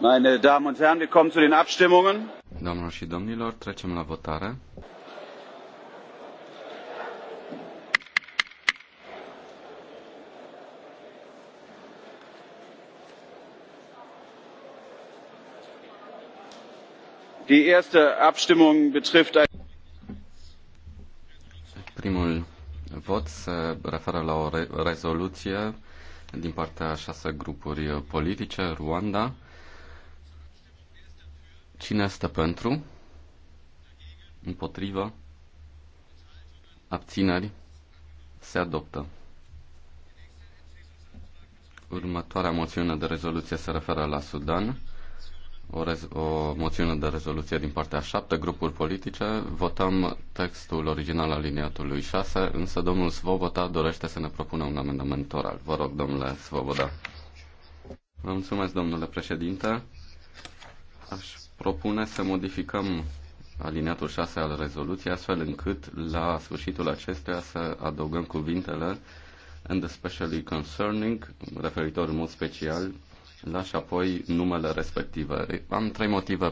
Meine Damen und Herren, wir kommen zu den Abstimmungen. Doamnelor și domnilor, trecem la votare. Die erste Abstimmung betrifft ein Primul vot se referă la o re- rezoluție din partea șase grupuri politice, Rwanda, Cine este pentru? Împotrivă? Abțineri? Se adoptă. Următoarea moțiune de rezoluție se referă la Sudan. O, o moțiune de rezoluție din partea șapte grupuri politice. Votăm textul original al liniatului 6, însă domnul Svoboda dorește să ne propună un amendament oral. Vă rog, domnule Svoboda. Vă mulțumesc, domnule președinte. Aș propune să modificăm aliniatul 6 al rezoluției, astfel încât la sfârșitul acesteia să adăugăm cuvintele and especially concerning, referitor în mod special la și apoi numele respective. Am trei motive